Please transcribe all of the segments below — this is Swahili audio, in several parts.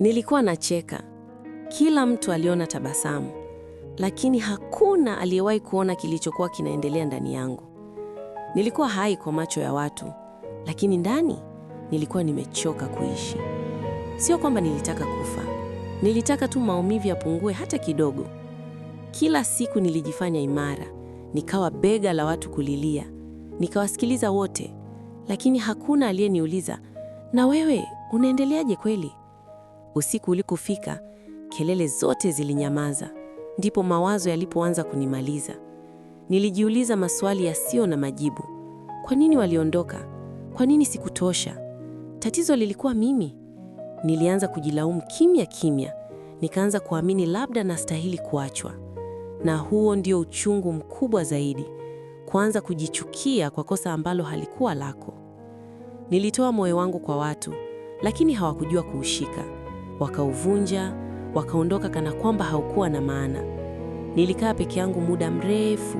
Nilikuwa nacheka, kila mtu aliona tabasamu, lakini hakuna aliyewahi kuona kilichokuwa kinaendelea ndani yangu. Nilikuwa hai kwa macho ya watu, lakini ndani nilikuwa nimechoka kuishi. Sio kwamba nilitaka kufa, nilitaka tu maumivu yapungue hata kidogo. Kila siku nilijifanya imara, nikawa bega la watu kulilia, nikawasikiliza wote, lakini hakuna aliyeniuliza, na wewe unaendeleaje kweli? Usiku ulikofika, kelele zote zilinyamaza, ndipo mawazo yalipoanza kunimaliza. Nilijiuliza maswali yasiyo na majibu. Kwa nini waliondoka? Kwa nini sikutosha? Tatizo lilikuwa mimi. Nilianza kujilaumu kimya kimya, nikaanza kuamini labda nastahili kuachwa. Na huo ndio uchungu mkubwa zaidi, kuanza kujichukia kwa kosa ambalo halikuwa lako. Nilitoa moyo wangu kwa watu, lakini hawakujua kuushika wakauvunja, wakaondoka kana kwamba haukuwa na maana. Nilikaa peke yangu muda mrefu,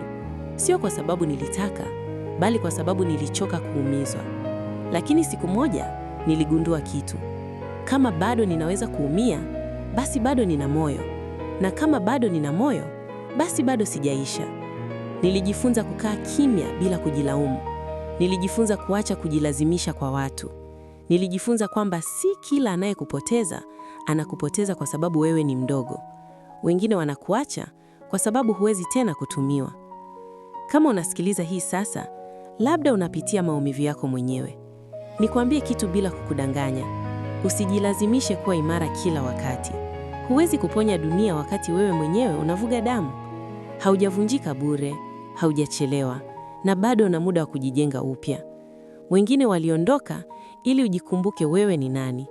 sio kwa sababu nilitaka, bali kwa sababu nilichoka kuumizwa. Lakini siku moja niligundua kitu: kama bado ninaweza kuumia, basi bado nina moyo, na kama bado nina moyo, basi bado sijaisha. Nilijifunza kukaa kimya bila kujilaumu. Nilijifunza kuacha kujilazimisha kwa watu. Nilijifunza kwamba si kila anayekupoteza anakupoteza kwa sababu wewe ni mdogo. Wengine wanakuacha kwa sababu huwezi tena kutumiwa. Kama unasikiliza hii sasa, labda unapitia maumivu yako mwenyewe. Nikwambie kitu bila kukudanganya, usijilazimishe kuwa imara kila wakati. Huwezi kuponya dunia wakati wewe mwenyewe unavuga damu. Haujavunjika bure, haujachelewa, na bado una muda wa kujijenga upya. Wengine waliondoka ili ujikumbuke wewe ni nani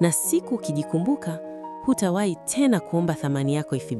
na siku ukijikumbuka, hutawahi tena kuomba thamani yako ifikie.